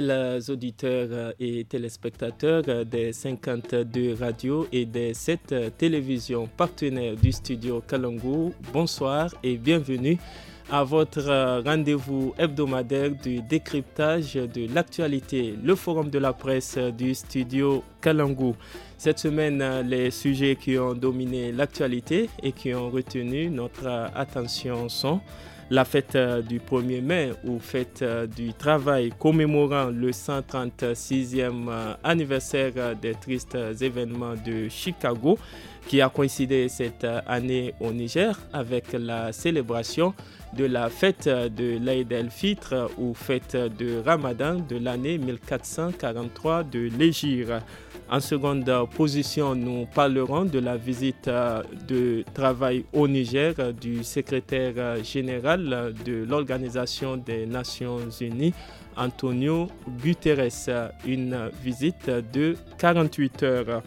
les auditeurs euh, et téléspectateurs euh, des 52 radios et des 7 euh, télévisions partenaires du studio Kalangou, bonsoir et bienvenue à votre rendez-vous hebdomadaire du décryptage de l'actualité, le forum de la presse du studio Kalangou. Cette semaine, les sujets qui ont dominé l'actualité et qui ont retenu notre attention sont la fête euh, du 1er mai ou fête euh, du travail commémorant le 136e euh, anniversaire des tristes événements de Chicago qui a coïncidé cette année au Niger avec la célébration de la fête de l'Aïd el-Fitr ou fête de Ramadan de l'année 1443 de l'Égypte. En seconde position, nous parlerons de la visite euh, de travail au Niger euh, du secrétaire euh, général de l'Organisation des Nations Unies, Antonio Guterres, une visite de 48 heures.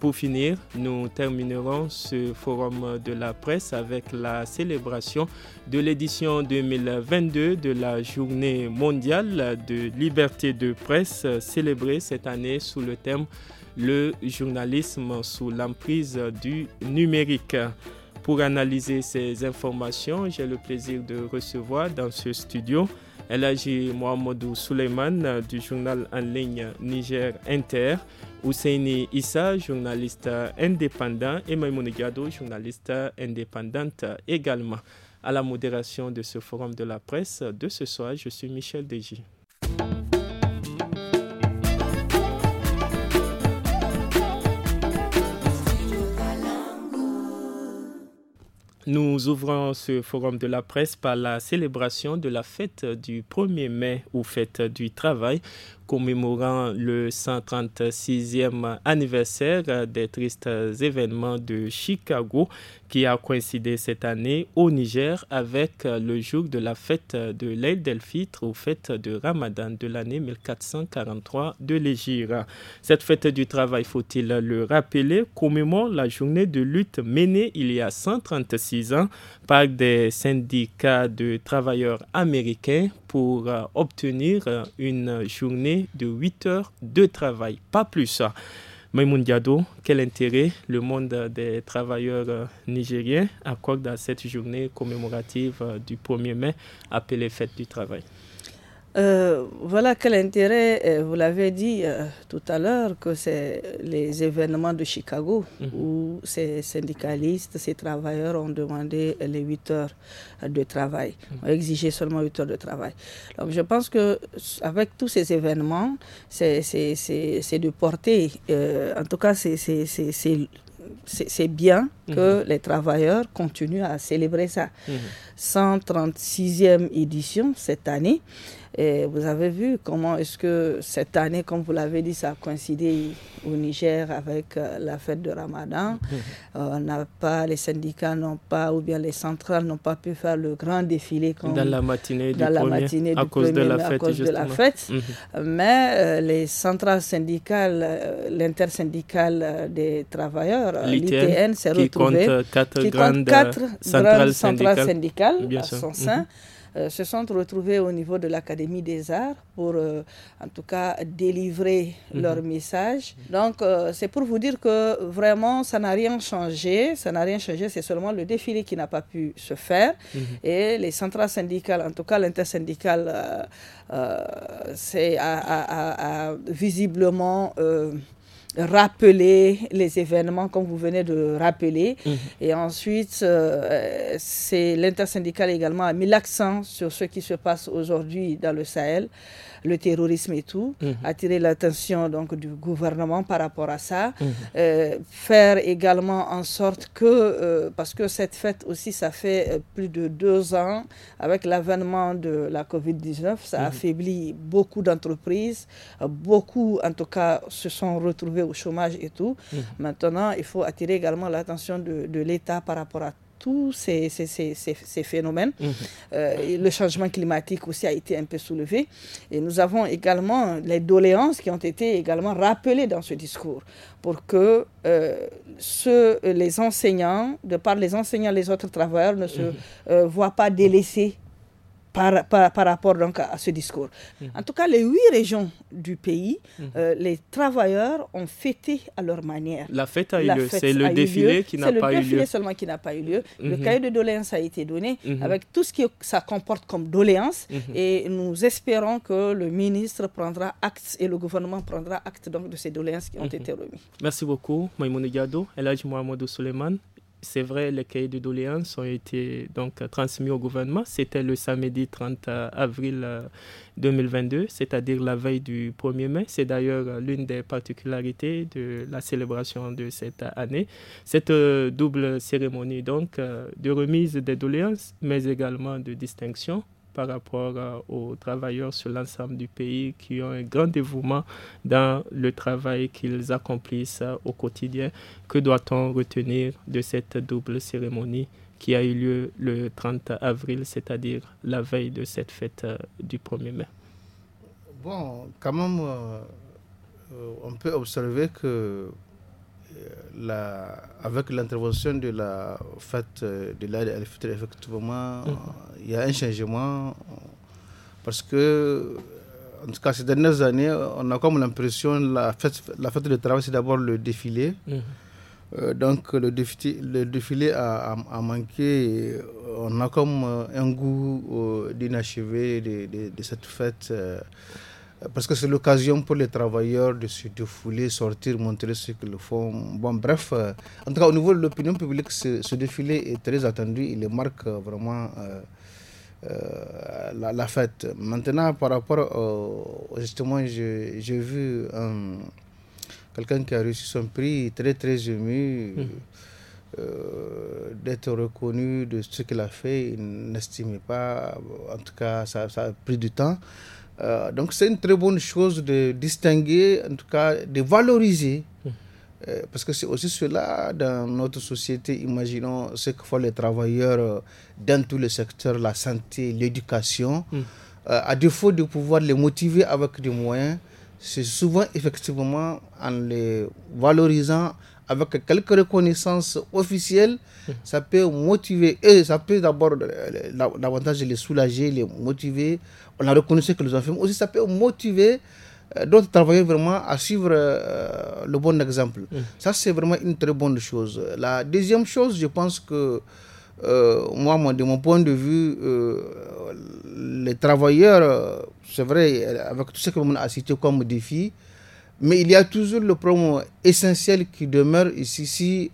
Pour finir, nous terminerons ce forum de la presse avec la célébration de l'édition 2022 de la Journée mondiale de liberté de presse célébrée cette année sous le thème Le journalisme sous l'emprise du numérique. Pour analyser ces informations, j'ai le plaisir de recevoir dans ce studio Elhaji Mohamedou Suleiman du journal en ligne Niger Inter, Ousseini Issa, journaliste indépendant, et Maïmoune Gado, journaliste indépendante également. À la modération de ce forum de la presse de ce soir, je suis Michel Deji. Nous ouvrons ce forum de la presse par la célébration de la fête du 1er mai ou fête du travail commémorant le 136e anniversaire des tristes événements de Chicago qui a coïncidé cette année au Niger avec le jour de la fête de l'Aïd Delphitre ou fête de Ramadan de l'année 1443 de l'Égypte. Cette fête du travail, faut-il le rappeler, commémore la journée de lutte menée il y a 136 ans par des syndicats de travailleurs américains pour euh, obtenir euh, une journée de 8 heures de travail, pas plus. Maïmoun Diado, quel intérêt le monde des travailleurs euh, nigériens accorde à cette journée commémorative du 1er mai appelée Fête du travail euh, voilà quel intérêt, euh, vous l'avez dit euh, tout à l'heure, que c'est les événements de Chicago mhm. où ces syndicalistes, ces travailleurs ont demandé les 8 heures de travail, mhm. ont exigé seulement 8 heures de travail. Donc je pense que avec tous ces événements, c'est de porter, en tout cas c'est bien mhm. que les travailleurs continuent à célébrer ça. 136e édition cette année. Et vous avez vu comment est-ce que cette année, comme vous l'avez dit, ça a coïncidé au Niger avec euh, la fête de Ramadan. Euh, on n'a pas, les syndicats n'ont pas, ou bien les centrales n'ont pas pu faire le grand défilé comme, dans la matinée, du, premier, à cause de la fête. Mhm. Mais euh, les centrales syndicales, l'intersyndicale des travailleurs, l'ITN, s'est retrouvée. qui compte quatre centrales syndicales Bien sein. Mhm. Euh, se sont retrouvés au niveau de l'Académie des arts pour, euh, en tout cas, délivrer mhm. leur message. Donc, euh, c'est pour vous dire que vraiment, ça n'a rien changé. Ça n'a rien changé, c'est seulement le défilé qui n'a pas pu se faire. Mhm. Et les centrales syndicales, en tout cas l'intersyndicale, c'est visiblement rappeler les événements comme vous venez de rappeler. Mhm. Et ensuite, euh, l'intersyndicale également a mis l'accent sur ce qui se passe aujourd'hui dans le Sahel, le terrorisme et tout, mhm. attirer l'attention donc du gouvernement par rapport à ça, mhm. euh, faire également en sorte que, euh, parce que cette fête aussi, ça fait plus de deux ans, avec l'avènement de la COVID-19, ça affaiblit beaucoup d'entreprises, beaucoup en tout cas se sont retrouvés au chômage et tout. Mhm. Maintenant, il faut attirer également l'attention de, l'État par rapport à tous ces, ces, ces, ces phénomènes. Mhm. Euh, le changement climatique aussi a été un peu soulevé. Et nous avons également les doléances qui ont été également rappelées dans ce discours pour que euh, les enseignants, de par les enseignants, les autres travailleurs, ne se mhm. euh, voient pas délaissés par, par, par, rapport donc à, ce discours. Mhm. En tout cas, les huit régions du pays, mhm. euh, les travailleurs ont fêté à leur manière. La fête a eu lieu, c'est le défilé qui n'a pas eu lieu. C'est le défilé seulement qui n'a pas eu lieu. Le mhm. cahier de doléances a été donné avec tout ce que ça comporte comme doléances et nous espérons que le ministre prendra acte et le gouvernement prendra acte donc de ces doléances qui ont été remises. Merci beaucoup, Maïmoune Gado, Elhaj Mohamedou Suleiman c'est vrai, les cahiers de doléances ont été donc transmis au gouvernement. C'était le samedi 30 avril 2022, euh, c'est-à-dire la veille du 1er mai. C'est d'ailleurs euh, l'une des particularités de la célébration de cette année. Cette euh, double cérémonie donc de remise des doléances, mais également de distinction par rapport euh, aux travailleurs sur l'ensemble du pays qui ont un grand dévouement dans le travail qu'ils accomplissent euh, au quotidien. Que doit-on retenir de cette double cérémonie qui a eu lieu le 30 avril, c'est-à-dire la veille de cette fête euh, du 1er mai Bon, quand même, on peut observer que euh, la, avec l'intervention de la fête euh, de l'aide à al effectivement, mm. euh, il y a un changement parce que, en tout cas, ces dernières années, on a comme l'impression la fête, la fête de travail, c'est d'abord le défilé. Mm. donc le défilé, a, manqué, on a comme un goût d'inachevé de, cette fête parce que c'est l'occasion pour les travailleurs de se défouler, sortir, montrer ce qu'ils font. Bon, bref, euh, en tout cas, au niveau de l'opinion publique, ce, défilé est très attendu. Il marque euh, vraiment euh, la, fête. Maintenant, par rapport, justement, j'ai vu quelqu'un qui a reçu son prix, très, très ému. Mmh. d'être reconnu de ce qu'il a fait, il n'estimait pas, en tout cas ça, a pris du temps. Euh, donc c'est une très bonne chose de distinguer, en tout cas de valoriser, euh, parce que c'est aussi cela dans notre société, imaginons ce que font les travailleurs euh, dans tous les secteurs, la santé, l'éducation, mm. à défaut de pouvoir les motiver avec des moyens, c'est souvent effectivement en les valorisant, avec quelques reconnaissances officielles, ça peut motiver, et ça peut d'abord euh, davantage les soulager, les motiver. On a reconnu que nous avons fait, mais aussi ça peut motiver euh, d'autres travailleurs vraiment à suivre euh, le bon exemple. Mm. Ça, c'est vraiment une très bonne chose. La deuxième chose, je pense que moi, de mon point de vue, les travailleurs, c'est vrai, avec tout ce que l'on a cité comme défi, mais il y a toujours le problème essentiel qui demeure ici. Si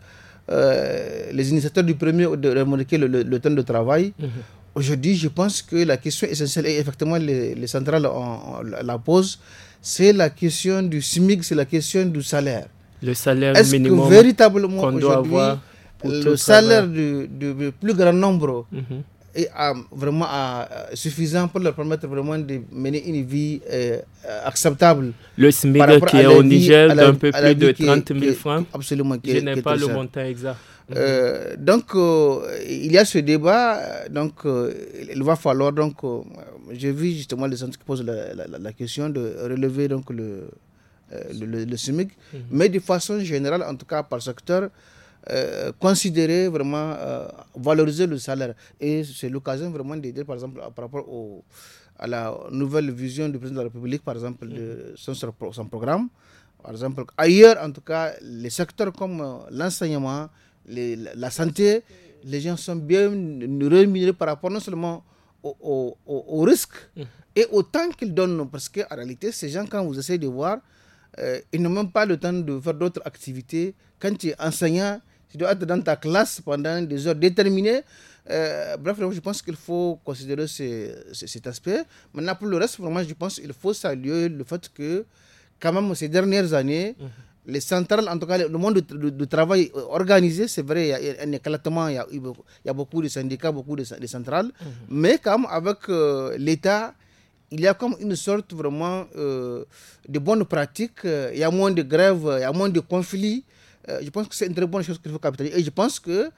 euh, les initiateurs du premier ont demandé le, temps de travail, mhm. aujourd'hui, je pense que la question essentielle, et effectivement, les, centrales en, la posent, c'est la question du SMIC, c'est la question du salaire. Le salaire minimum. Est-ce que véritablement, le salaire du, plus grand nombre mhm est euh, vraiment euh, suffisant pour leur permettre vraiment de mener une vie euh, acceptable. Le SMIG qui est au Niger d'un peu plus de 30 000 francs. absolument. Je n'ai pas le montant exact. donc, il y a ce débat. Donc, il va falloir. Donc, j'ai vu justement les gens qui posent la, question de relever donc le, le, SMIC, mhm. mais de façon générale, en tout cas par secteur. Euh, considérer vraiment, euh, valoriser le salaire. Et c'est l'occasion vraiment d'aider, par exemple, par rapport au, à la nouvelle vision du président de la République, par exemple, de mm-hmm. son, programme. Par exemple, ailleurs, en tout cas, les secteurs comme euh, l'enseignement, la santé, les gens sont bien rémunérés par rapport non seulement au, au, risque mm-hmm. et au temps qu'ils donnent. Parce que en réalité, ces gens, quand vous essayez de voir, ils n'ont même pas le temps de faire d'autres activités. Quand tu es enseignant, tu dois être dans ta classe pendant des heures déterminées. Euh, bref, je pense qu'il faut considérer cet aspect. Maintenant, pour le reste, vraiment, je pense qu'il faut saluer le fait que, quand même, ces dernières années, mhm. les centrales, en tout cas, le monde du, travail organisé, c'est vrai, il y a un éclatement, il y a, beaucoup de syndicats, beaucoup de, centrales, mhm. mais quand même, avec euh, l'État, il y a comme une sorte vraiment euh, de bonne pratique. Il y a moins de grèves, il y a moins de conflits. Euh, je pense que c'est une très bonne chose qu'il faut capitaliser. Et je pense que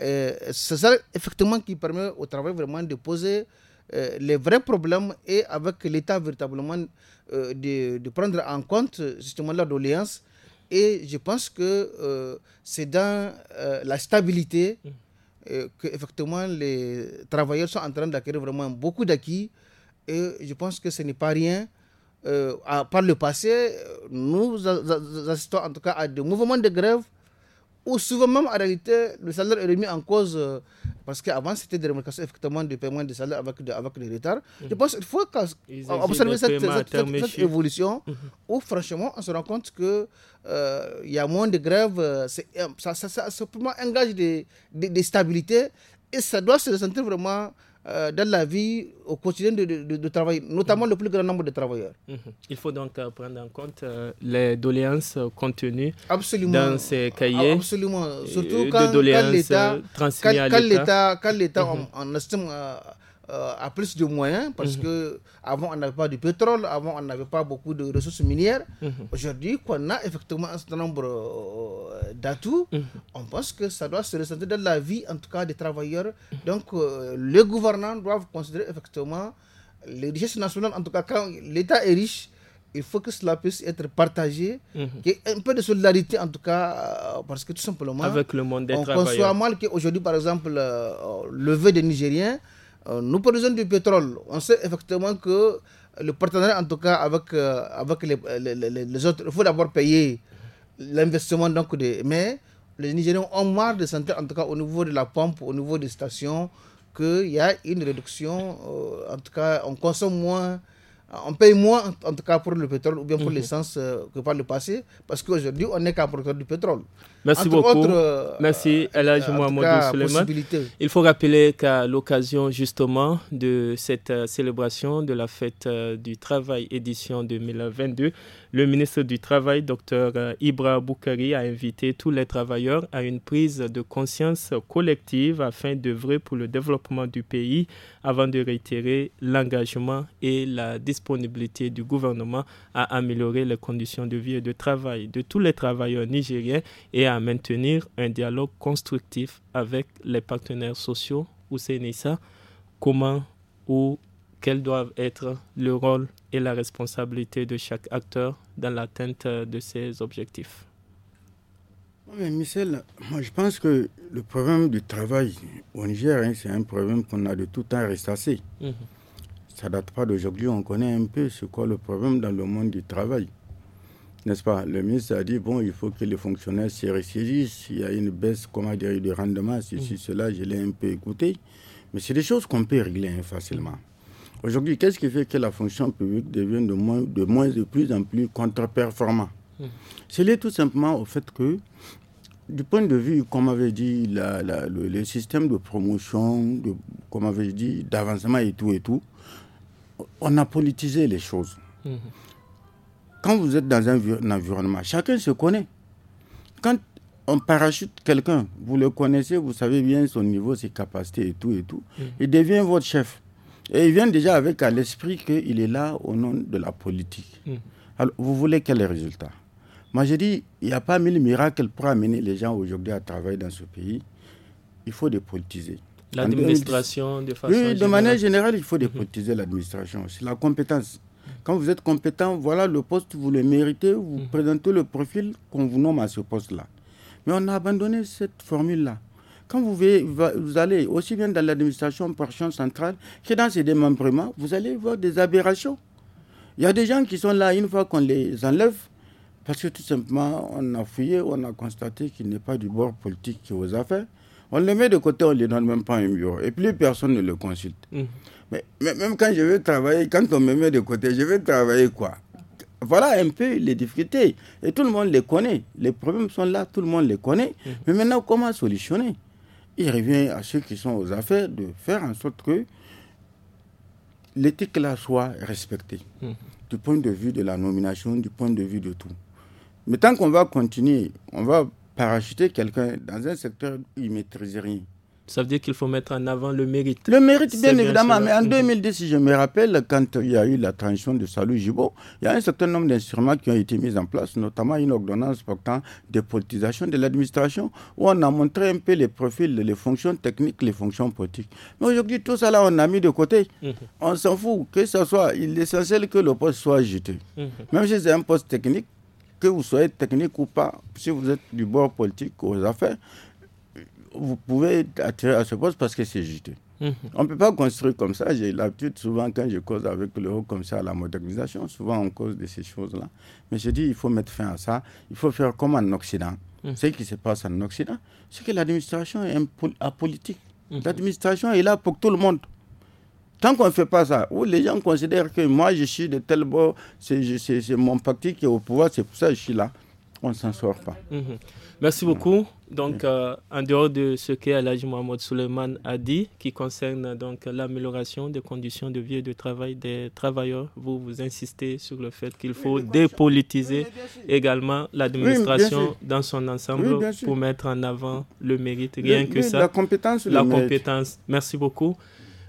euh, c'est ça effectivement qui permet au travail vraiment de poser euh, les vrais problèmes et avec l'État véritablement de, prendre en compte justement leur doléance. Et je pense que c'est dans la stabilité que effectivement les travailleurs sont en train d'acquérir vraiment beaucoup d'acquis. Et je pense que ce n'est pas rien par le passé, nous assistons en tout cas à des mouvements de grève où souvent même en réalité le salaire est remis en cause parce qu'avant c'était des remarques effectivement de paiement de salaire avec, avec des retards. Je pense qu'il faut observer cette, évolution où franchement on se rend compte que il y a moins de grèves, ça, ça, ça, ça, et ça doit se ressentir vraiment euh, dans la vie au quotidien de, de, de, travail, notamment le plus grand nombre de travailleurs. Mhm. Il faut donc euh, prendre en compte euh, les doléances contenues dans ces cahiers. Ah, absolument. Surtout quand, l'État, quand l'État, en mhm. estime euh, à a plus de moyens parce qu'avant mhm. que avant on n'avait pas du pétrole, avant on n'avait pas beaucoup de ressources minières. Mhm. Aujourd'hui, qu'on a effectivement un certain nombre euh, d'atouts, mhm. on pense que ça doit se ressentir dans la vie, en tout cas des travailleurs. Donc, euh, les gouvernants doivent considérer effectivement les richesses nationales, en tout cas quand l'État est riche. Il faut que cela puisse être partagé, qu'il y ait un peu de solidarité en tout cas, parce que tout simplement, Avec le monde on conçoit mal qu'aujourd'hui, par exemple, le vœu des Nigériens, euh, nous produisons du pétrole. On sait effectivement que le partenariat, en tout cas, avec, euh, avec les, les, autres, il faut d'abord payer l'investissement. Donc mais les Nigériens ont marre de sentir, en tout cas, au niveau de la pompe, au niveau des stations, qu'il y a une réduction. Euh, en tout cas, on consomme moins on paye moins, en tout cas pour le pétrole ou bien pour mhm. l'essence que par le passé, parce qu'aujourd'hui, on n'est qu'un producteur du pétrole. Merci beaucoup. Euh, Merci, euh, moi Suleiman. Il faut rappeler qu'à l'occasion justement de cette euh, célébration de la fête du travail édition 2022, le ministre du Travail, Dr Ibra Boukari, a invité tous les travailleurs à une prise de conscience collective afin d'œuvrer pour le développement du pays avant de réitérer l'engagement et la disponibilité du gouvernement à améliorer les conditions de vie et de travail de tous les travailleurs nigériens et à maintenir un dialogue constructif avec les partenaires sociaux ou CNSA, comment ou quel doivent être le rôle et la responsabilité de chaque acteur dans l'atteinte de ces objectifs. Michel, moi je pense que le problème du travail au Niger, hein, c'est un problème qu'on a de tout temps restassé. Ça mhm. Ça date pas d'aujourd'hui, on connaît un peu ce qu'est le problème dans le monde du travail n'est-ce pas Le ministre a dit bon, il faut que les fonctionnaires se ressaisissent. Il y a une baisse, comment dire, de rendement, si c'est mm. cela. Je l'ai un peu écouté. Mais c'est des choses qu'on peut régler hein, facilement. Aujourd'hui, qu'est-ce qui fait que la fonction publique devient de moins, de, moins, de plus en plus contre-performant mm. C'est lié tout simplement au fait que, du point de vue, comme avait dit, le, système de promotion, de, comme avait dit, d'avancement et tout et tout, on a politisé les choses. Mm-hmm quand vous êtes dans un, environnement, chacun se connaît. Quand on parachute quelqu'un, vous le connaissez, vous savez bien son niveau, ses capacités et tout et tout, mm. il devient votre chef. Et il vient déjà avec à l'esprit qu'il est là au nom de la politique. Mm. Alors, vous voulez quel résultats résultat Moi, je dis, il n'y a pas mille miracles pour amener les gens aujourd'hui à travailler dans ce pays. Il faut dépolitiser. L'administration, de façon. de manière générale, il faut mm-hmm. dépolitiser l'administration. C'est la compétence. Quand vous êtes compétent, voilà le poste, vous le méritez, vous mhm. présentez le profil qu'on vous nomme à ce poste-là. Mais on a abandonné cette formule-là. Quand vous, allez aussi bien dans l'administration par champ central que dans ces démembrements, vous allez voir des aberrations. Il y a des gens qui sont là une fois qu'on les enlève, parce que tout simplement, on a fouillé, on a constaté qu'il n'est pas du bord politique qui aux affaires. On les met de côté, on ne les donne même pas un bureau. Et plus personne ne le consulte. Mhm. Mais, même quand je veux travailler, quand on me met de côté, je veux travailler quoi Voilà un peu les difficultés. Et tout le monde les connaît. Les problèmes sont là, tout le monde les connaît. Mhm. Mais maintenant, comment solutionner Il revient à ceux qui sont aux affaires de faire en sorte que l'éthique là soit respectée. Mhm. Du point de vue de la nomination, du point de vue de tout. Mais tant qu'on va continuer, on va parachuter quelqu'un dans un secteur où il ne maîtrise rien. Ça veut dire qu'il faut mettre en avant le mérite. Le mérite, bien, évidemment. Mais en 2010, mhm. si je me rappelle, quand il y a eu la transition de Salou Jibo, il y a un certain nombre d'instruments qui ont été mis en place, notamment une ordonnance portant dépolitisation de l'administration, où on a montré un peu les profils, les fonctions techniques, les fonctions politiques. Mais aujourd'hui, tout ça on a mis de côté. Mhm. On s'en fout. Que ce soit, Il est essentiel que le poste soit jeté. Mhm. Même si c'est un poste technique, que vous soyez technique ou pas, si vous êtes du bord politique aux affaires, vous pouvez attiré à ce poste parce que c'est juste. Mhm. On ne peut pas construire comme ça. J'ai l'habitude, souvent, quand je cause avec le haut comme ça, à la modernisation, souvent on cause de ces choses-là. Mais je dis, il faut mettre fin à ça. Il faut faire comme en Occident. Mhm. Ce qui se passe en Occident, c'est que l'administration est apolitique. Mhm. L'administration est là pour tout le monde. Tant qu'on ne fait pas ça, où les gens considèrent que moi, je suis de tel bord, c'est mon parti qui est au pouvoir, c'est pour ça que je suis là, on ne s'en sort pas. Merci mm. beaucoup. Donc, mm. euh, en dehors de ce que Mohamed Suleiman a dit, qui concerne donc l'amélioration des conditions de vie et de travail des travailleurs, vous vous insistez sur le fait qu'il faut dépolitiser également l'administration dans son ensemble pour mettre en avant le mérite, rien que ça. La compétence. La compétence. Merci beaucoup.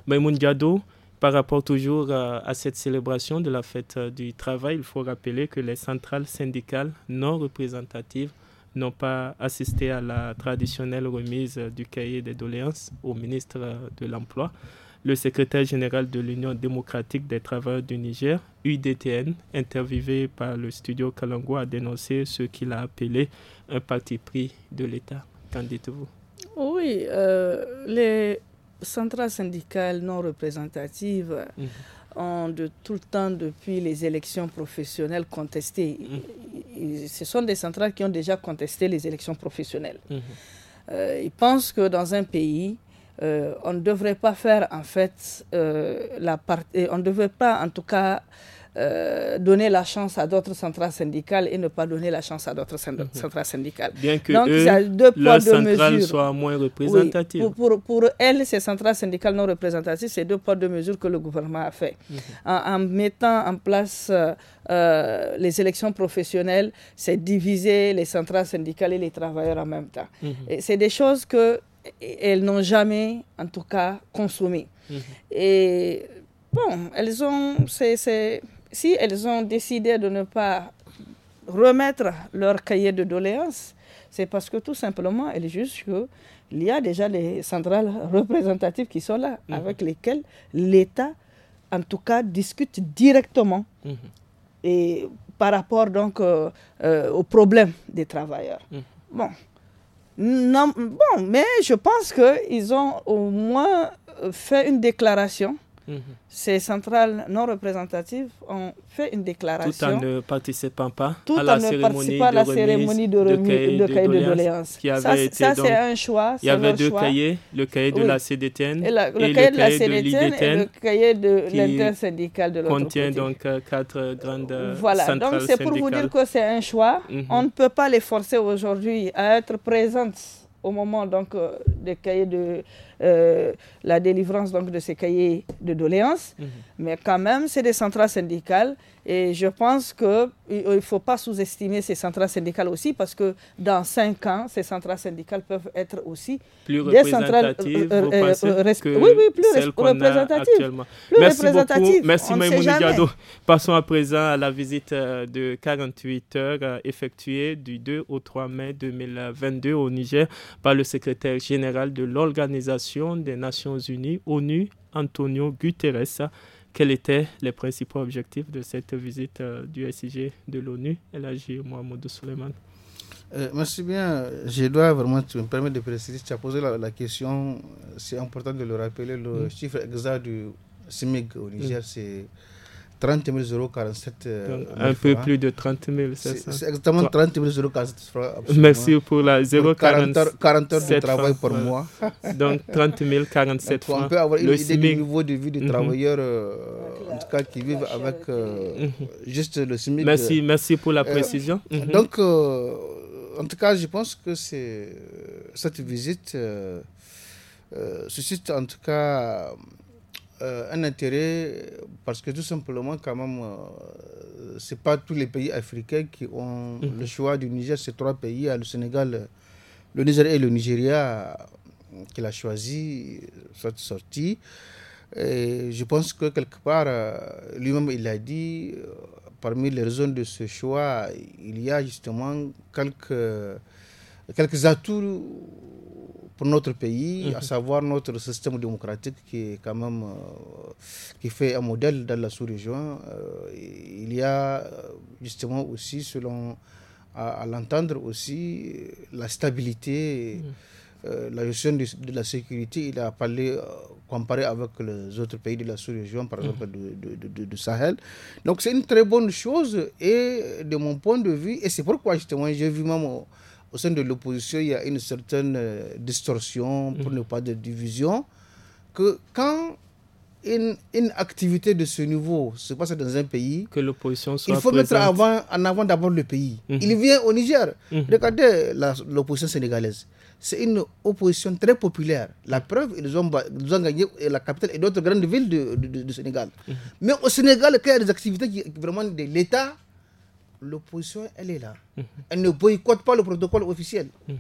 Maïmoun Diado, par rapport toujours euh, à, cette célébration de la fête euh, du travail, il faut rappeler que les centrales syndicales non représentatives n'ont pas assisté à la traditionnelle remise du cahier des doléances au ministre de l'Emploi, le secrétaire général de l'Union démocratique des travailleurs du Niger, UDTN, interviewé par le studio Kalango, a dénoncé ce qu'il a appelé un parti pris de l'État. Qu'en dites-vous Oui, euh, les centrales syndicales non représentatives. Mhm de tout le temps, depuis les élections professionnelles, contestées mmh. Ce sont des centrales qui ont déjà contesté les élections professionnelles. Mmh. Euh, ils pensent que dans un pays, euh, on ne devrait pas faire en fait euh, la partie, on ne devrait pas en tout cas euh, donner la chance à d'autres centrales syndicales et ne pas donner la chance à d'autres mhm. centrales syndicales. Bien que Donc, eux, deux poids, deux mesures. moins représentative. pour, pour, elles, ces centrales syndicales non représentatives, c'est deux poids, de mesures que le gouvernement a fait. Mhm. en, mettant en place euh, euh, les élections professionnelles, c'est diviser les centrales syndicales et les travailleurs en même temps. Mhm. C'est des choses que elles n'ont jamais, en tout cas, consommées. Et bon, elles ont... C si elles ont décidé de ne pas remettre leur cahier de doléances, c'est parce que tout simplement, elles jugent qu'il y a déjà les centrales représentatives qui sont là, mhm. avec lesquelles l'État, en tout cas, discute directement. Mhm. Et par rapport donc euh, euh, aux problèmes des travailleurs. Mhm. Bon. bon, mais je pense qu'ils ont au moins euh, fait une déclaration Mhm. ces centrales non représentatives ont fait une déclaration. Tout en ne participant pas à la, cérémonie, de de remise de, cahier, de, doléances. ça, c'est un choix. Il y avait deux cahiers, le cahier de la CDTN et, le, cahier de la CDTN de l'intersyndicale de contient donc euh, quatre grandes euh, voilà. donc c'est pour vous dire que c'est un choix. Mhm. On ne peut pas les forcer aujourd'hui à être présentes au moment donc, euh, des cahiers de euh, la délivrance donc, de ces cahiers de doléances. Mm-hmm. Mais quand même, c'est des centrales syndicales et je pense qu'il ne faut pas sous-estimer ces centrales syndicales aussi, parce que dans cinq ans, ces centrales syndicales peuvent être aussi plus des euh, euh, euh, oui, oui, plus représentatives. Merci beaucoup. Merci Passons à présent à la visite de 48 heures effectuée du 2 au 3 mai 2022 au Niger par le secrétaire général de l'Organisation des Nations Unies, ONU, Antonio Guterres quels étaient les principaux objectifs de cette visite euh, du SIG de l'ONU, a Mohamedou Mohamedou euh, merci bien. Je dois vraiment, me de préciser, tu as posé la, question, euh, c'est important de le rappeler, le mm. chiffre exact du SMIG au Niger, mm. c'est 30 000 euros 47 euh, Un peu plus de 30 000, c'est ça exactement 30 000 euros 47 francs. Merci pour la 0,40 heures, 40 heures de travail par moi. mois. Donc 30 000, 47 francs. On peut avoir une idée du niveau de vie des mm travailleurs, euh, en tout cas qui vivent avec euh, mhm. juste le SMIC. Merci, euh, merci pour la précision. Donc, mhm. en tout cas, je pense que cette visite suscite en tout cas euh, un intérêt parce que tout simplement, quand même, euh, c'est pas tous les pays africains qui ont mhm. le choix du Niger. Ces trois pays, le Sénégal, le Niger et le Nigeria, qu'il a choisi cette sortie. Et je pense que quelque part, euh, lui-même, il a dit, parmi les raisons de ce choix, il y a justement quelques, quelques atouts pour notre pays, à mhm. savoir notre système démocratique qui est quand même euh, qui fait un modèle dans la sous-région. Euh, il y a euh, justement aussi, selon à, l'entendre aussi, la stabilité. Mhm. la gestion de, la sécurité, il a parlé comparé avec les autres pays de la sous-région, par mhm. exemple du Sahel. Donc c'est une très bonne chose et de mon point de vue, et c'est pourquoi justement j'ai vu même au sein de l'opposition, il y a une certaine euh, distorsion, pour mm. ne pas de division, que quand une, une, activité de ce niveau se passe dans un pays, que l'opposition il faut mettre avant, en avant d'abord le pays. Mm-hmm. Il vient au Niger. Mm-hmm. Regardez l'opposition sénégalaise. C'est une opposition très populaire. La preuve, ils ont, gagné la capitale et d'autres grandes villes du Sénégal. Mm-hmm. Mais au Sénégal, quand il y a des activités qui, vraiment de l'État, l'opposition, elle est là. Mhm. Elle ne boycotte pas le protocole officiel. Mhm.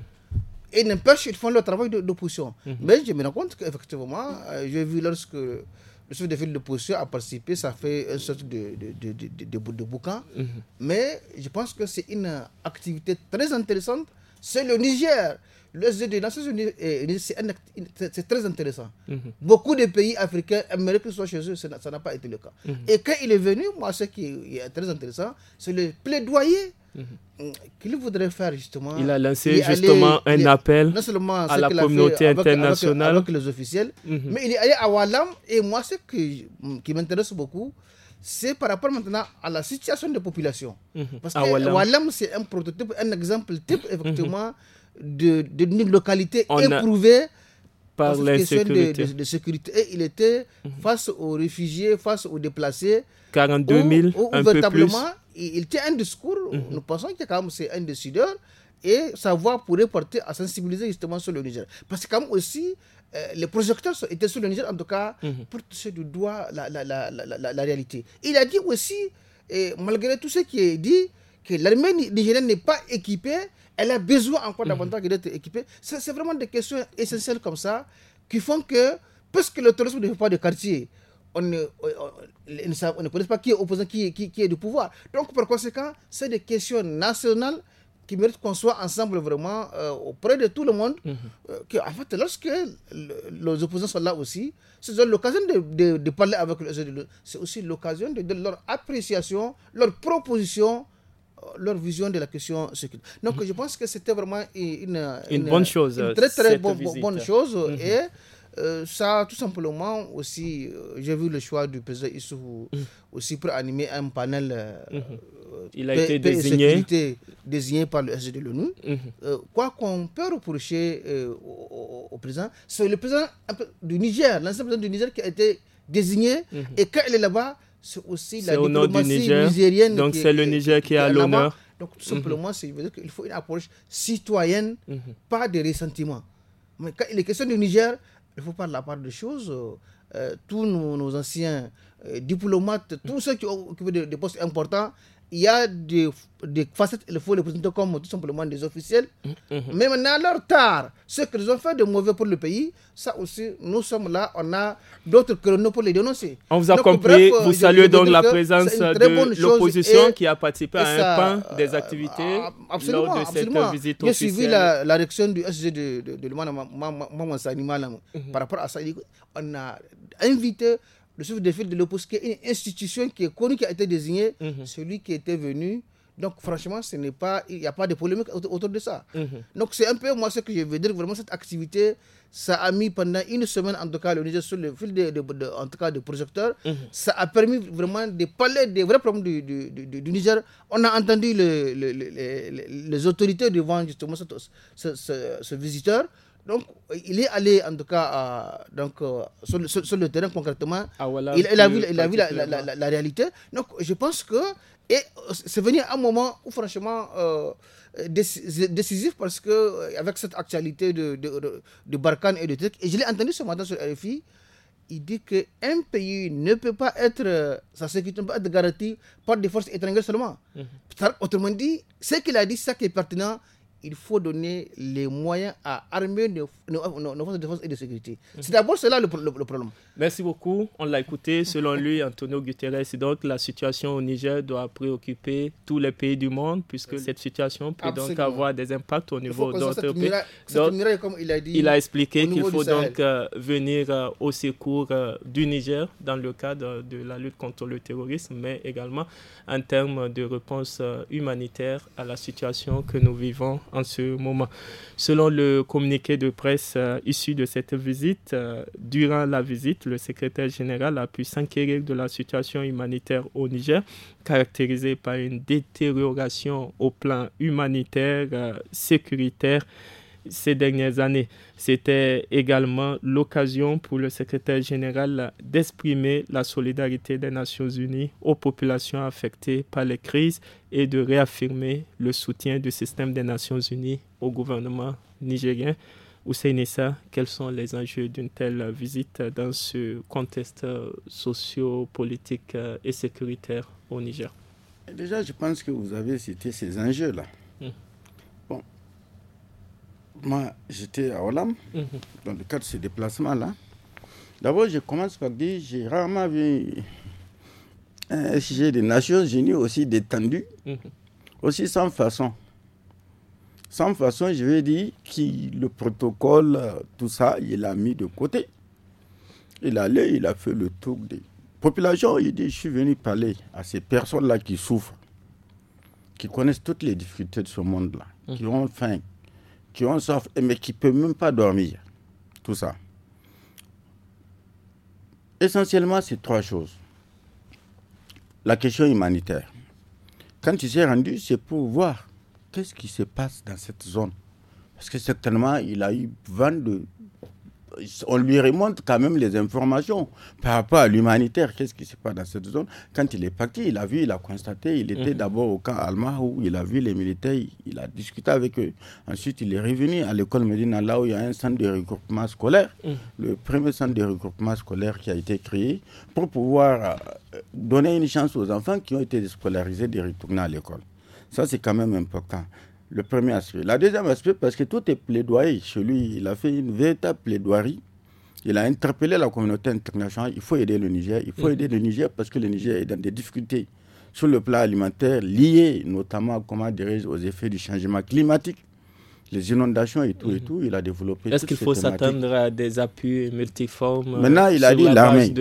Et n'empêche, ils font le travail d'opposition. Mhm. Mais je me rends compte qu'effectivement, euh, j'ai vu lorsque le chef de file d'opposition a participé, ça fait une sorte de, de, de bouquin. Mais je pense que c'est une activité très intéressante. C'est le Niger le c'est très intéressant. Mhm. Beaucoup de pays africains aimeraient que chez eux, ça n'a pas été le cas. Mhm. Et quand il est venu, moi, ce qui est très intéressant, c'est le plaidoyer mhm. mm, qu'il voudrait faire justement. Il a lancé justement un appel seulement à la communauté internationale. Avec, les officiels, mais il est allé à Wallam, et moi, ce mm, qui m'intéresse beaucoup, c'est par rapport maintenant à la situation des populations. Parce que Wallam, c'est un prototype, un exemple type, effectivement, de, de, localité éprouvée par les questions De, de, sécurité. Et il était face aux réfugiés, face aux déplacés. 42 000, un peu plus. Il, tient un discours, nous mhm. pensons que quand même c'est un décideur, et sa voix pourrait porter à sensibiliser justement sur le Niger. Parce que quand même aussi, euh, les projecteurs étaient sur le Niger, en tout cas, mhm. pour toucher du doigt la, la, la, la, réalité. Il a dit aussi, et malgré tout ce qui est dit, que l'armée nigérienne n'est pas équipée elle a besoin encore mhm. davantage d'être équipée. C'est vraiment des questions essentielles comme ça qui font que, que le tourisme ne fait pas de quartier, on ne, ne connaît pas qui est opposant, qui, qui, est du pouvoir. Donc, par conséquent, c'est des questions nationales qui méritent qu'on soit ensemble vraiment euh, auprès de tout le monde. Mhm. Euh, que, en fait, lorsque les opposants sont là aussi, c'est l'occasion de, parler avec eux. C'est aussi l'occasion de, de leur appréciation, leur proposition leur vision de la question Donc, mm-hmm. je pense que c'était vraiment une, une, bonne chose. Une très, très bonne chose. Mm-hmm. Et euh, ça, tout simplement, aussi, euh, j'ai vu le choix du président Issou mm-hmm. aussi pour animer un panel. Euh, il a été désigné. désigné par le SG de l'ONU. quoi qu'on peut reprocher au, président, c'est le président du Niger, l'ancien président du Niger qui a été désigné. Et quand il est là-bas, c'est aussi la nigérienne. Donc c'est le Niger qui est à l'honneur. Donc tout simplement, mhm. il faut une approche citoyenne, mhm. pas de ressentiment. Mais quand il est question du Niger, il faut pas de la part des choses. Euh, tous nos, anciens euh, diplomates, tous ceux qui ont occupé des postes importants, il y a des, facettes, il faut les présenter comme tout simplement des officiels. Mais maintenant, leur tard, ce qu'ils ont fait de mauvais pour le pays, ça aussi, nous sommes là, on a d'autres chronos pour les dénoncer. On vous a compris, vous saluez donc la présence de l'opposition qui a participé à un pan des activités absolument, lors de cette visite officielle. J'ai suivi la, la, réaction du SG de, de, Maman Animal par rapport à ça. On a invité le chef de file de l'opposition, qui une institution qui est connue, qui a été désignée, mhm. celui qui était venu. Donc, franchement, ce n'est pas, il n'y a pas de polémique autour de ça. Mhm. Donc, c'est un peu, moi, ce que je veux dire, vraiment, cette activité, ça a mis pendant une semaine, en tout cas, le Niger sur le fil de, en tout cas, de projecteurs. Mhm. Ça a permis vraiment de parler des vrais problèmes du, du, du, Niger. On a entendu le, les autorités devant justement ce, ce, ce visiteur. Donc, il est allé, en tout cas, donc, euh, sur, le, terrain concrètement. Ah, il, a vu, il a vu la, réalité. Donc, je pense que euh, c'est venu un moment où, franchement, euh, décisif parce que, avec cette actualité de, de, Barkhane et de trucs, et je l'ai entendu ce matin sur RFI, il dit qu'un pays ne peut pas être, sa sécurité ne peut pas être garantie par des forces étrangères seulement. Mhm. Autrement dit, ce qu'il a dit, c'est ça qui est pertinent, il faut donner les moyens à armer nos, forces de défense et de sécurité. C'est d'abord cela le, problème. Merci beaucoup. On l'a écouté. Selon lui, Antonio Guterres, donc la situation au Niger doit préoccuper tous les pays du monde puisque cette situation peut donc avoir des impacts au niveau d'autres pays. il, a expliqué qu'il faut donc euh, venir euh, au secours euh, du Niger dans le cadre de la lutte contre le terrorisme, mais également en termes de réponse humanitaire à la situation que nous vivons ce moment. Selon le communiqué de presse euh, issu de cette visite, euh, durant la visite, le secrétaire général a pu s'inquiéter de la situation humanitaire au Niger, caractérisée par une détérioration au plan humanitaire, euh, sécuritaire, ces dernières années. C'était également l'occasion pour le secrétaire général d'exprimer la solidarité des Nations Unies aux populations affectées par les crises et de réaffirmer le soutien du système des Nations Unies au gouvernement nigérien. Ousseinissa, quels sont les enjeux d'une telle visite dans ce contexte socio-politique et sécuritaire au Niger Déjà, je pense que vous avez cité ces enjeux-là moi, j'étais à Olam, mhm. dans le cadre de ce déplacement-là. D'abord, je commence par dire j'ai rarement vu un sujet des Nations Unies aussi détendu, mhm. aussi sans façon. Sans façon, je vais dire que le protocole, tout ça, il l'a mis de côté. Il allait, il a fait le tour des populations. Il dit Je suis venu parler à ces personnes-là qui souffrent, qui connaissent toutes les difficultés de ce monde-là, mhm. qui ont faim, qui ont eh, mais qui ne peut même pas dormir. Tout ça. Essentiellement, c'est trois choses. La question humanitaire. Quand il s'est rendu, c'est pour voir qu'est-ce qui se passe dans cette zone. Parce que certainement, il a eu 22 on lui remonte quand même les informations par rapport à l'humanitaire. Qu'est-ce qui se passe dans cette zone Quand il est parti, il a vu, il a constaté. Il était mhm. d'abord au camp Alma où il a vu les militaires, il a discuté avec eux. Ensuite, il est revenu à l'école Medina, là où il y a un centre de regroupement scolaire, mhm. le premier centre de regroupement scolaire qui a été créé pour pouvoir euh, donner une chance aux enfants qui ont été déscolarisés de retourner à l'école. Ça, c'est quand même important. Le premier aspect. La deuxième aspect, parce que tout est plaidoyer Celui, Il a fait une véritable plaidoirie. Il a interpellé la communauté internationale. Il faut aider le Niger. Il faut aider le Niger parce que le Niger est dans des difficultés sur le plan alimentaire liées notamment, comment aux effets du changement climatique les inondations et tout et mhm. tout, il a développé. Est-ce qu'il faut s'attendre à des appuis multiformes Maintenant, euh, il a dit l'armée.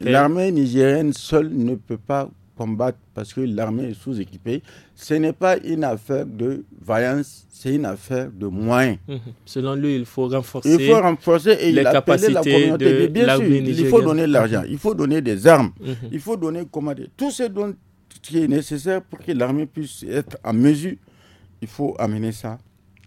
L'armée nigérienne seule ne peut pas combattre parce que l'armée est sous-équipée, ce n'est pas une affaire de vaillance, c'est une affaire de moyens. Mhm. Selon lui, il faut renforcer, il faut renforcer et les il capacités la communauté. De bien sûr, il faut donner de l'argent, il faut donner des armes, mhm. il faut donner commander. Tout ce dont, qui est nécessaire pour que l'armée puisse être en mesure, il faut amener ça.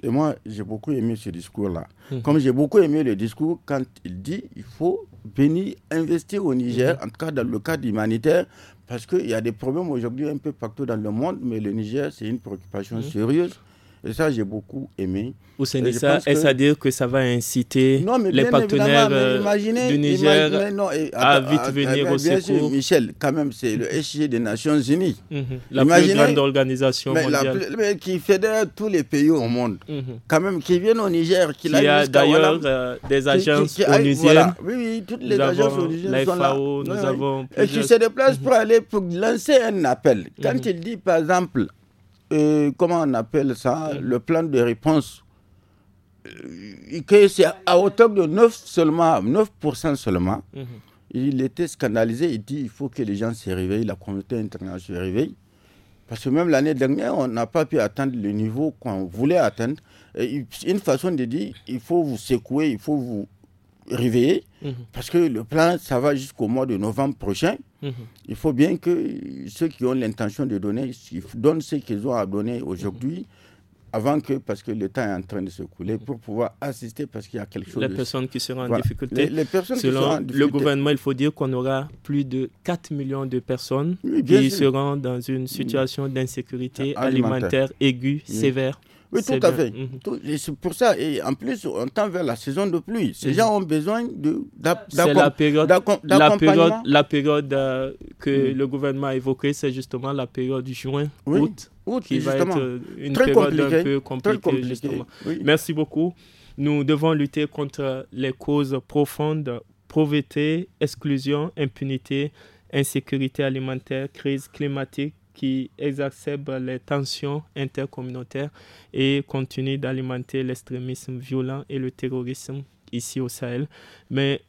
Et moi, j'ai beaucoup aimé ce discours-là. Mhm. Comme j'ai beaucoup aimé le discours quand il dit il faut venir investir au Niger, en tout cas dans le cadre humanitaire, parce qu'il y a des problèmes aujourd'hui un peu partout dans le monde, mais le Niger, c'est une préoccupation mmh. sérieuse. Et ça, j'ai beaucoup aimé. Ou est-ce à dire que ça va inciter les partenaires euh, du Niger non, et, à, vite venir au secours Michel, quand même, c'est le SG des Nations Unies. -hmm. La plus grande organisation mondiale. mais qui fédère tous les pays au monde. Mhm. Quand même, qui viennent au Niger. Qui Il y a d'ailleurs euh, des agences qui, Niger. Oui, oui, toutes les agences agences onusiennes sont là. Nous avons et Et qui se déplacent mhm. pour aller pour lancer un appel. Quand mhm. il dit, par exemple, comment on appelle ça, mm. le plan de réponse, euh, c'est à hauteur de 9 seulement, 9% seulement. Mm-hmm. Il était scandalisé, il dit il faut que les gens se réveillent, la communauté internationale se réveille. Parce que même l'année dernière, on n'a pas pu atteindre le niveau qu'on voulait atteindre. une façon de dire, il faut vous secouer, il faut vous réveiller mhm. parce que le plan, ça va jusqu'au mois de novembre prochain. Mhm. Il faut bien que ceux qui ont l'intention de donner, ils donnent ce qu'ils ont à donner aujourd'hui. Mhm. Avant que, parce que le temps est en train de se couler, pour pouvoir assister, parce qu'il y a quelque chose. Les personnes qui seront en difficulté. Les, personnes le gouvernement, il faut dire qu'on aura plus de 4 millions de personnes qui seront dans une situation d'insécurité alimentaire. aiguë, sévère. Oui, tout à fait. Mhm. C'est pour ça. Et en plus, on tend vers la saison de pluie. Ces mhm. gens ont besoin de. la période, la période, euh, que mhm. le gouvernement a évoquée, c'est justement la période du juin, août, qui va être euh, une période un peu compliquée. Merci beaucoup. Nous devons lutter contre les causes profondes pauvreté, exclusion, impunité, insécurité alimentaire, crise climatique, qui exacerbe les tensions intercommunautaires et continue d'alimenter l'extrémisme violent et le terrorisme ici au Sahel. Mais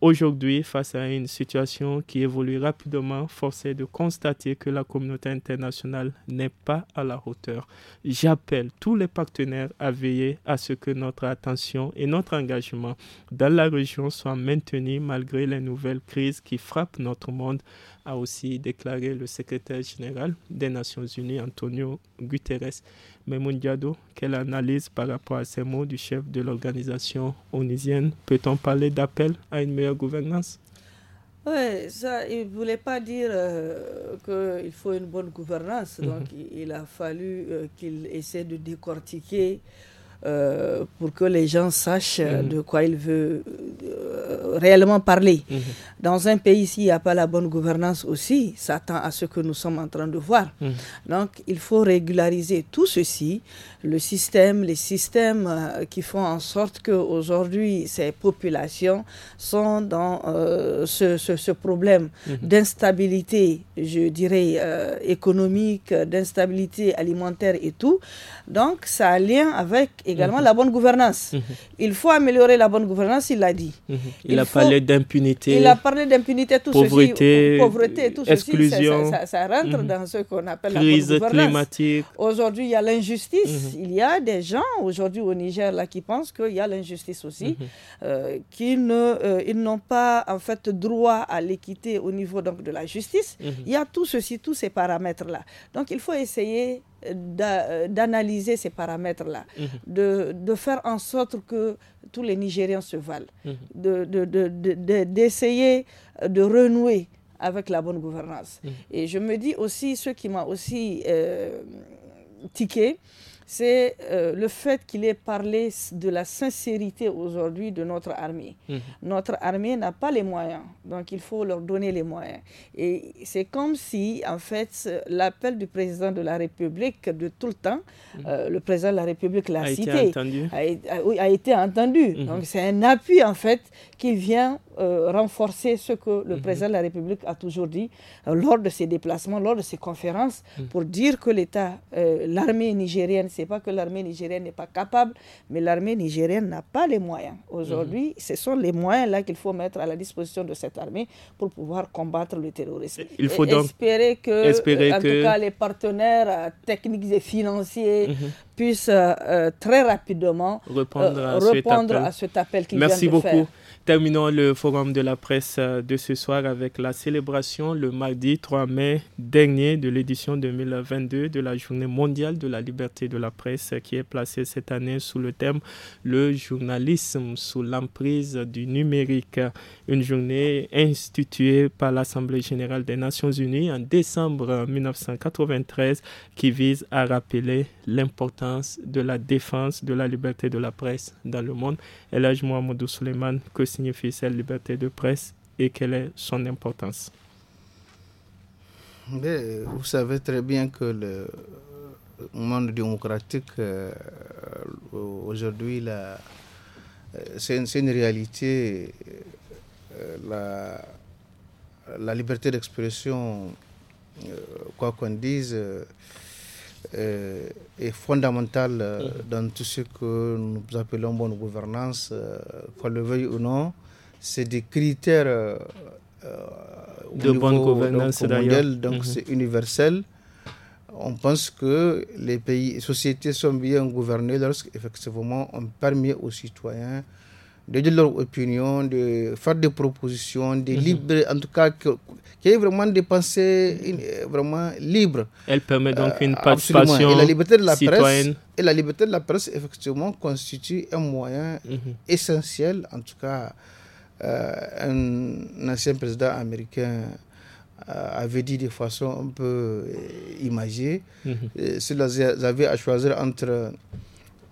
Aujourd'hui, face à une situation qui évolue rapidement, force est de constater que la communauté internationale n'est pas à la hauteur. J'appelle tous les partenaires à veiller à ce que notre attention et notre engagement dans la région soient maintenus malgré les nouvelles crises qui frappent notre monde, a aussi déclaré le secrétaire général des Nations Unies, Antonio Guterres. Memundiado, quelle analyse par rapport à ces mots du chef de l'organisation onisienne Peut-on parler d'appel à une meilleure gouvernance oui, ça, il ne voulait pas dire euh, qu'il faut une bonne gouvernance. Mm-hmm. Donc, il, a fallu euh, qu'il essaie de décortiquer euh, pour que les gens sachent euh, mhm. de quoi il veut euh, réellement parler. Mhm. Dans un pays, s'il n'y a pas la bonne gouvernance aussi, ça tend à ce que nous sommes en train de voir. Mhm. Donc, il faut régulariser tout ceci, le système, les systèmes qui font en sorte qu'aujourd'hui, ces populations sont dans ce, ce, problème d'instabilité, je dirais, économique, d'instabilité alimentaire et tout. Donc, ça a lien avec également mhm. la bonne gouvernance. Mhm. Il faut améliorer la bonne gouvernance, il l'a dit. Mhm. Il, a parlé d'impunité. Il a parlé d'impunité, tout ceci, pauvreté, euh, tout exclusion. Ceci, ça, ça, rentre dans ce qu'on appelle la bonne climatique. Aujourd'hui, il y a l'injustice. Il y a des gens aujourd'hui au Niger là qui pensent qu'il y a l'injustice aussi, euh, qu'ils euh, n'ont pas en fait droit à l'équité au niveau donc de la justice. Il y a tout ceci, tous ces paramètres là. Donc il faut essayer euh, d'analyser ces paramètres-là, mhm. de, de, faire en sorte que tous les Nigériens se valent, mhm. d'essayer de, de, renouer avec la bonne gouvernance. Mhm. Et je me dis aussi, ce qui m'a aussi euh, tiqué, c'est euh, le fait qu'il ait parlé de la sincérité aujourd'hui de notre armée. Mhm. Notre armée n'a pas les moyens, donc il faut leur donner les moyens. Et c'est comme si, en fait, l'appel du président de la République de tout le temps, mhm. euh, le président de la République l'a cité, entendu. A, été entendu. Mhm. Donc c'est un appui, en fait, qui vient euh, renforcer ce que le président de la République a toujours dit lors de ses déplacements, lors de ses conférences, pour dire que l'État, l'armée nigérienne, ce n'est pas que l'armée nigérienne n'est pas capable, mais l'armée nigérienne n'a pas les moyens. Aujourd'hui, mhm. ce sont les moyens là qu'il faut mettre à la disposition de cette armée pour pouvoir combattre le terrorisme. Il faut donc espérer que, les partenaires euh, techniques et financiers mhm. puissent euh, euh, très rapidement répondre, à, cet appel. qu'ils Merci de beaucoup. Faire terminons le forum de la presse euh, de ce soir avec la célébration le mardi 3 mai dernier de l'édition 2022 de la Journée mondiale de la liberté de la presse qui est placée cette année sous le thème Le journalisme sous l'emprise du numérique. Une journée instituée par l'Assemblée générale des Nations unies en décembre 1993 qui vise à rappeler l'importance de la défense de la liberté de la presse dans le monde. Elage Mohamedou Suleiman, que signifie cette liberté de presse et quelle est son importance Vous savez très bien que le euh, monde démocratique, euh, aujourd'hui, euh, c'est une, une, réalité. la liberté d'expression, quoi qu'on dise, euh, est fondamental euh, dans tout ce que nous appelons bonne gouvernance, euh, qu'on le veuille ou non. C'est des critères de bonne gouvernance d'ailleurs. Donc mm-hmm. c'est universel. On pense que les pays, les sociétés sont bien gouvernés lorsqu'effectivement on permet aux citoyens de dire leur opinion, de faire des propositions, de mhm. en tout cas, qui y ait vraiment des pensées euh, vraiment libres. Elle permet donc euh, une participation et la liberté de la citoyenne. Presse, et la liberté de la presse, effectivement, constitue un moyen mhm. essentiel, en tout cas, euh, un, ancien président américain avait dit de façon un peu imagée, mm -hmm. avaient à choisir entre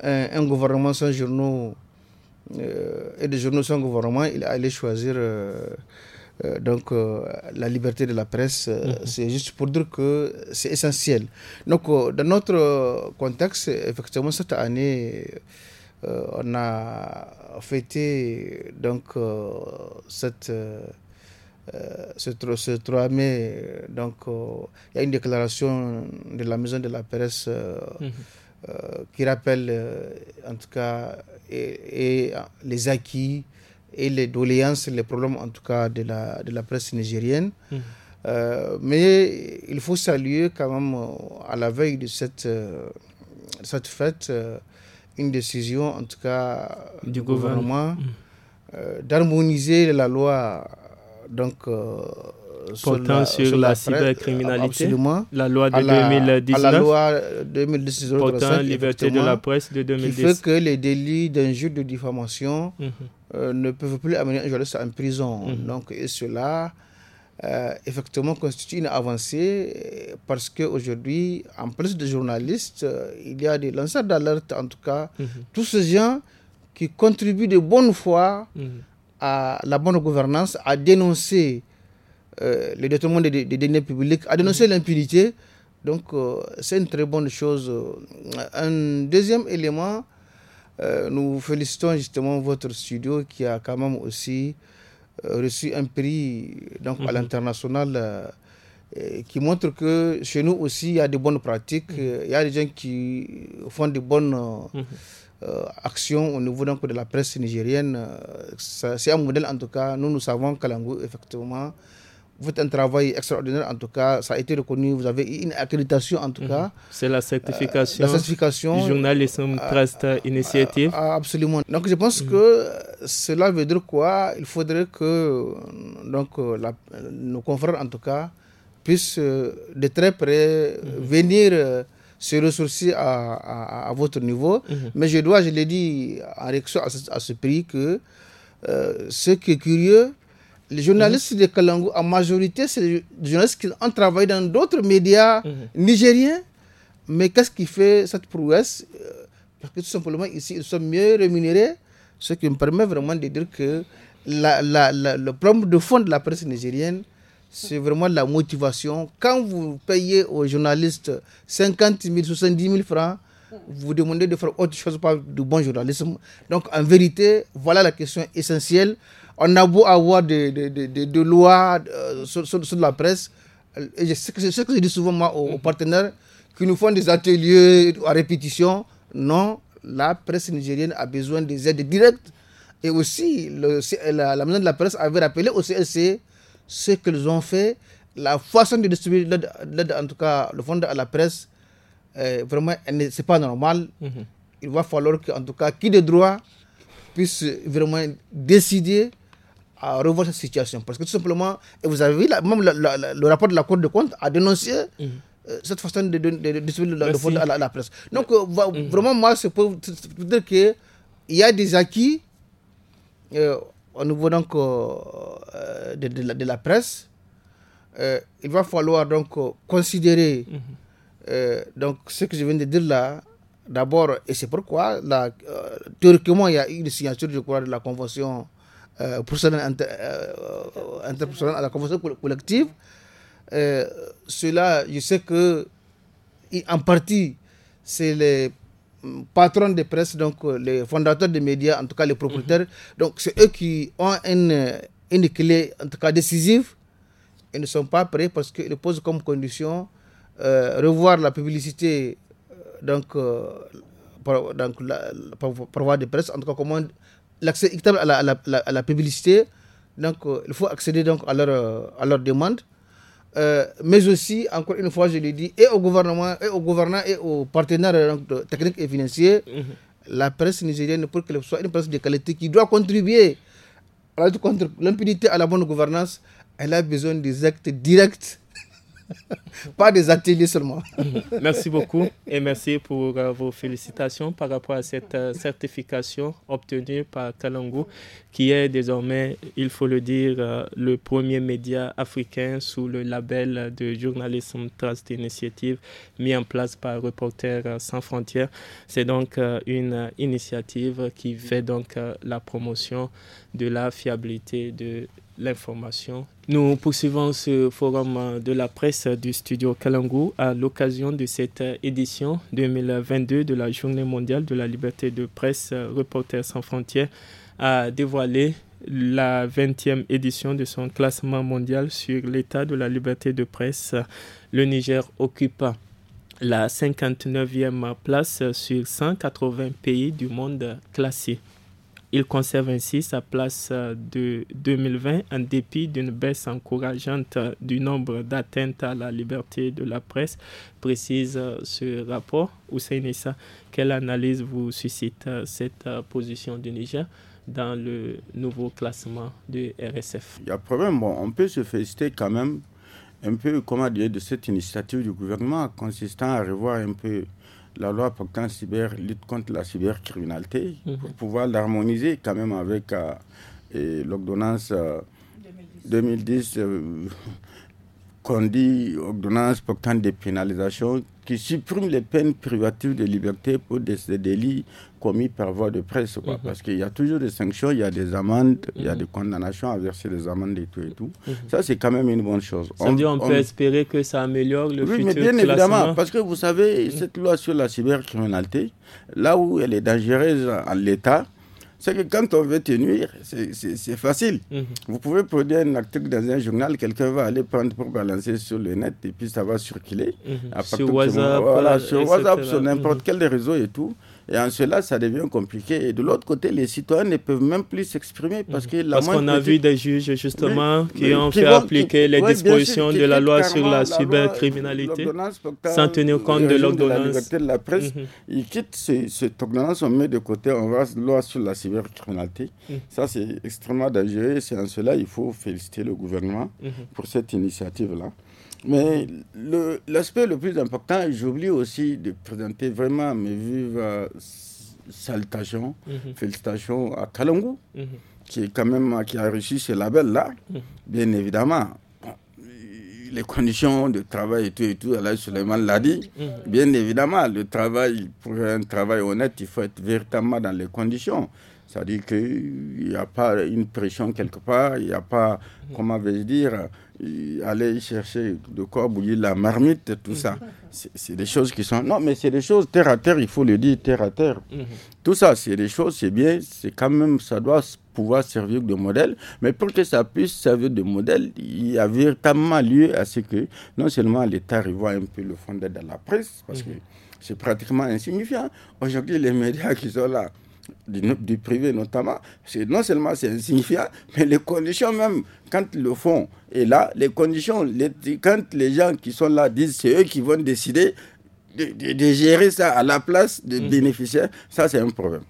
un, un gouvernement sans journaux euh, et des journaux sans gouvernement, il allait choisir euh, euh, donc la liberté de la presse. Mhm. C'est juste pour dire que c'est essentiel. Donc, dans notre contexte, effectivement, cette année, on a fêté donc cette. ce, 3 mai, donc, il y a une déclaration de la Maison de la Presse mhm. qui rappelle, en tout cas, et, euh, les acquis et les doléances, les problèmes en tout cas de la, de la presse nigérienne. Mmh. Euh, mais il faut saluer quand même euh, à la veille de cette, cette fête une décision en tout cas du, gouvernement, mmh. d'harmoniser la loi donc euh, sur la, sur, la, cybercriminalité, la loi de 2019, à la loi liberté de la presse de 2010. Qui fait que les délits d'un jeu de diffamation mhm. euh, ne peuvent plus amener un journaliste en prison. Mhm. Donc, et cela, euh, effectivement, constitue une avancée parce qu'aujourd'hui, en plus de journalistes, il y a des lanceurs d'alerte, en tout cas, mhm. tous ces gens qui contribuent de bonne foi à la bonne gouvernance, à dénoncer euh, le détournement des, des deniers publics, à dénoncer l'impunité. Donc, euh, c'est une très bonne chose. Un deuxième élément, euh, nous félicitons justement votre studio qui a quand même aussi reçu un prix donc, à mhm. l'international qui montre que chez nous aussi, il y a de bonnes pratiques. Mhm. Il y a des gens qui font de bonnes mhm. actions au niveau donc, de la presse nigérienne. C'est un modèle, en tout cas. Nous, nous savons que effectivement, vous faites un travail extraordinaire, en tout cas, ça a été reconnu, vous avez une accréditation, en tout mhm. cas. C'est la certification, euh, la certification du journalisme euh, ah, Trust ah, Initiative. Ah, absolument. Donc, je pense mhm. que cela veut dire quoi Il faudrait que donc, euh, nos confrères, en tout cas, puissent euh, de très près mhm. venir se ressourcer à, à, votre niveau. Mais je dois, je l'ai dit en réaction à, ce, prix, que ce qui est curieux, les journalistes de Kalangou, en majorité, c'est des journalistes qui ont travaillé dans d'autres médias mhm. nigériens. Mais qu'est-ce qui fait cette prouesse euh, Parce que tout simplement, ici, ils sont mieux rémunérés, ce qui me permet vraiment de dire que la, la, le problème de fond de la presse nigérienne, c'est vraiment la motivation. Quand vous payez aux journalistes 50 000, 70 000 francs, vous demandez de faire autre chose, pas du bon journalisme. Donc, en vérité, voilà la question essentielle. On a beau avoir des, lois euh, sur, la presse, euh, et c'est ce que je dis souvent moi, aux, partenaires qui nous font des ateliers à répétition. Non, la presse nigérienne a besoin des aides directes. Et aussi, le, la, la de la presse avait rappelé au CLC ce qu'ils ont fait, la façon de distribuer l'aide, en tout cas le fonds à la presse, vraiment, ce n'est pas normal. Mhm. Il va falloir qu'en tout cas, qui de droit puisse vraiment décider à revoir cette situation. Parce que tout simplement, et vous avez vu, même le rapport de la Cour de compte a dénoncé euh, mm. cette façon de distribuer le fonds à, la presse. Donc, euh, mm. vraiment, moi, c'est pour, pour dire qu'il y a des acquis euh, au niveau de, la, presse. il va falloir donc considérer mm-hmm. donc, ce que je viens de dire là. D'abord, et c'est pourquoi, théoriquement, il y a eu une signature, je crois, de la Convention euh, personnel à la convention collective. cela, je sais que, en partie, c'est les mm, patrons de presse, donc euh, les fondateurs des médias, en tout cas les propriétaires. Mm-hmm. Donc, c'est eux qui ont une, euh, une clé, en tout cas décisive. Ils ne sont pas prêts parce qu'ils posent comme condition euh, revoir la publicité, donc, donc la, voie de presse, en tout cas, comment l'accès à la, à la, publicité. Donc, euh, il faut accéder donc à leur, demandes, euh, à leur demande. Euh, mais aussi, encore une fois, je le dis, et au gouvernement, et au gouvernants, et aux partenaires techniques et financiers, mhm. la presse nigérienne, pour qu'elle soit une presse de qualité qui doit contribuer à la contre l'impunité, à la bonne gouvernance, elle a besoin des actes directs pas des ateliers seulement. merci beaucoup et merci pour euh, vos félicitations par rapport à cette euh, certification obtenue par Kalangu, qui est désormais, il faut le dire, euh, le premier média africain sous le label de Journalism Trust Initiative mis en place par Reporters sans frontières. C'est donc une initiative qui fait donc la promotion de la fiabilité de l'information. Nous poursuivons ce forum euh, de la presse du studio Kalangu à l'occasion de cette euh, édition 2022 de la Journée mondiale de la liberté de presse. Euh, Reporters sans frontières a dévoilé la 20e édition de son classement mondial sur l'état de la liberté de presse. Le Niger occupe la 59e place sur 180 pays du monde classés. Il conserve ainsi sa place euh, de 2020 en dépit d'une baisse encourageante euh, du nombre d'atteintes à la liberté de la presse, précise euh, ce rapport. Hussein quelle analyse vous suscite cette position du Niger dans le nouveau classement du RSF Il y a problème. on peut se féliciter quand même un peu comment dire, de cette initiative du gouvernement consistant à revoir un peu la loi portant cyber lutte contre la cybercriminalité mhm. pour pouvoir l'harmoniser quand même avec euh, l'ordonnance 2010, euh, euh, qu'on dit ordonnance portant des pénalisations qui supprime les peines privatives de liberté pour des, délits commis par voie de presse. Mhm. Parce qu'il y a toujours des sanctions, il y a des amendes, il y a mhm. des condamnations à verser des amendes et tout et tout. Mhm. Ça, c'est quand même une bonne chose. on, peut espérer que ça améliore le oui, mais bien évidemment, parce que vous savez, cette loi sur la cybercriminalité, là où elle est dangereuse à l'État, c'est que quand on veut te nuire, c'est facile. Mhm. Vous pouvez produire un article dans un journal, quelqu'un va aller prendre pour balancer sur le net et puis ça va circuler. Mhm. sur WhatsApp, voilà, sur, WhatsApp, sur mhm. n'importe quel réseau et tout. Et en cela, ça devient compliqué. Et de l'autre côté, les citoyens ne peuvent même plus s'exprimer parce que la Parce qu'on a vu des juges, justement, qui ont fait appliquer les dispositions de la loi sur la, cybercriminalité sans tenir compte euh, de l'ordonnance. la presse, mhm. ils quittent ce, cette ordonnance, on met de côté, on va loi sur la cybercriminalité. Mhm. Ça, c'est extrêmement dangereux. C'est en cela il faut féliciter le gouvernement mhm. pour cette initiative-là. Mais l'aspect le, plus important, j'oublie aussi de présenter vraiment mes vives salutations, félicitations à mhm. Kalongo, mhm. qui est quand même qui a reçu ce label-là, mhm. bien évidemment. Les conditions de travail et tout et tout, Alain Suleiman l'a dit. Bien évidemment, le travail, pour un travail honnête, il faut être véritablement dans les conditions. C'est-à-dire qu'il n'y a pas une pression quelque part, il n'y a pas, comment vais-je dire, aller chercher de quoi bouillir la marmite, tout ça. Mhm. C'est des choses qui sont... Non, mais c'est des choses terre à terre, il faut le dire, terre à terre. Mhm. Tout ça, c'est des choses, c'est bien, c'est quand même, ça doit pouvoir servir de modèle. Mais pour que ça puisse servir de modèle, il y a véritablement lieu à ce que non seulement l'État revoie un peu le fond dans la presse, parce mhm. que c'est pratiquement insignifiant. Aujourd'hui, les médias qui sont là, du, privé notamment, c'est non seulement c'est insignifiant, mais les conditions même, quand le fonds est là, les conditions, les, quand les gens qui sont là disent c'est eux qui vont décider de, gérer ça à la place des mm. bénéficiaires, ça c'est un problème.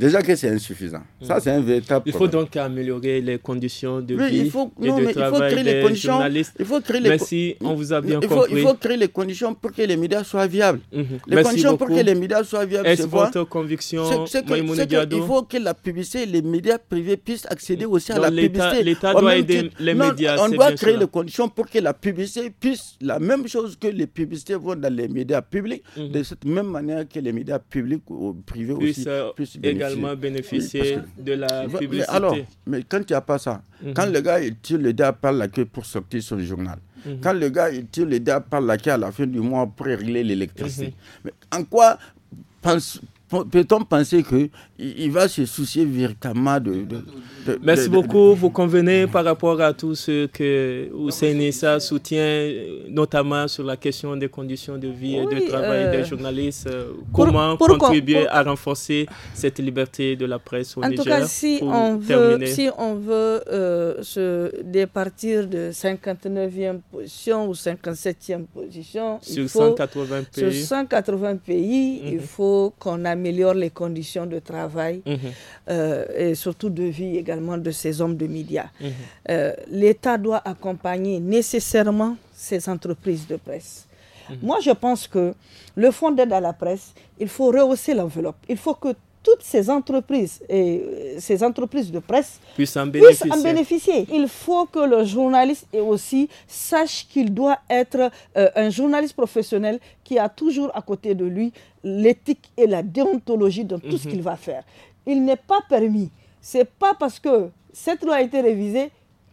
Déjà que c'est insuffisant. Ça, mm. c'est un véritable Il faut donc améliorer les conditions de vie il faut, et de travail créer des les journalistes. Il faut créer les Merci, on vous a bien Il faut créer les conditions pour que les médias soient viables. Mm-hmm. Les conditions pour que les médias soient viables, c'est Est-ce votre conviction, c'est, Il faut que la publicité et les médias privés puissent accéder mm. aussi à la publicité. L'État doit aider les médias. on doit créer les conditions pour que la publicité puisse, la même chose que les publicités vont dans les médias publics, mm-hmm. de cette même manière que les médias publics ou privés aussi euh, puissent bénéficier bénéficier de la publicité. alors, mais quand il n'y a pas ça, mhm. quand le gars il le dé par la queue pour sortir sur le journal, mhm. quand le gars il le dé par la queue à la fin du mois pour régler l'électricité, mhm. en quoi pense, peut-on penser qu'il va se soucier véritablement de... Merci beaucoup. Vous convenez par rapport à tout ce que Ousseinissa soutient, notamment sur la question des conditions de vie et de travail des euh, journalistes. Euh, comment contribuer à renforcer cette liberté de la presse au en Niger tout cas, si on, veut, si on veut se départir de 59e position ou 57e position... Sur 180 pays. Sur 180 pays, il mhm. faut qu'on amène améliore les conditions de travail mhm. euh, et surtout de vie également de ces hommes de médias. Mhm. Euh, L'État doit accompagner nécessairement ces entreprises de presse. Mhm. Moi, je pense que le fonds d'aide à la presse, il faut rehausser l'enveloppe. Il faut que toutes ces entreprises, et euh, ces entreprises de presse puissent en bénéficier. Il faut que le journaliste aussi sache qu'il doit être euh, un journaliste professionnel qui a toujours à côté de lui l'éthique et la déontologie dans tout ce mhm. qu'il va faire. Il n'est pas permis. C'est pas parce que cette loi a été révisée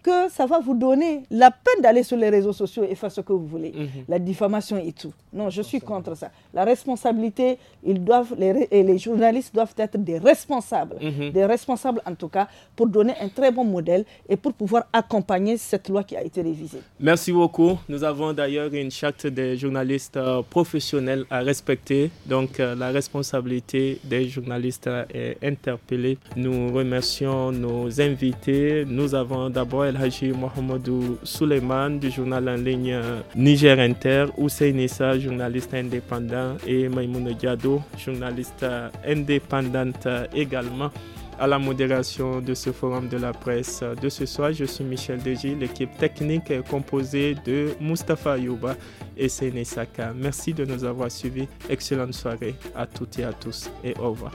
que ça va vous donner la peine d'aller sur les réseaux sociaux et faire ce que vous voulez. Mhm. La diffamation et tout. Non, je suis contre ça. La responsabilité, ils doivent, les, et les journalistes doivent être des responsables. Mhm. Des responsables en tout cas, pour donner un très bon modèle et pour pouvoir accompagner cette loi qui a été révisée. Merci beaucoup. Nous avons d'ailleurs une charte des journalistes euh, professionnels à respecter. Donc euh, la responsabilité des journalistes est interpellée. Nous remercions nos invités. Nous avons d'abord Haji Mohamedou Suleiman du journal en ligne euh, Niger Inter, Oussé Nissa, journaliste indépendant, et Maïmouna Diado, journaliste euh, indépendante euh, également à la modération de ce forum de la presse de ce soir. Je suis Michel Deji. L'équipe technique est composée de Mustafa Yuba et Séné Saka. Merci de nous avoir suivis. Excellente soirée à toutes et à tous et au revoir.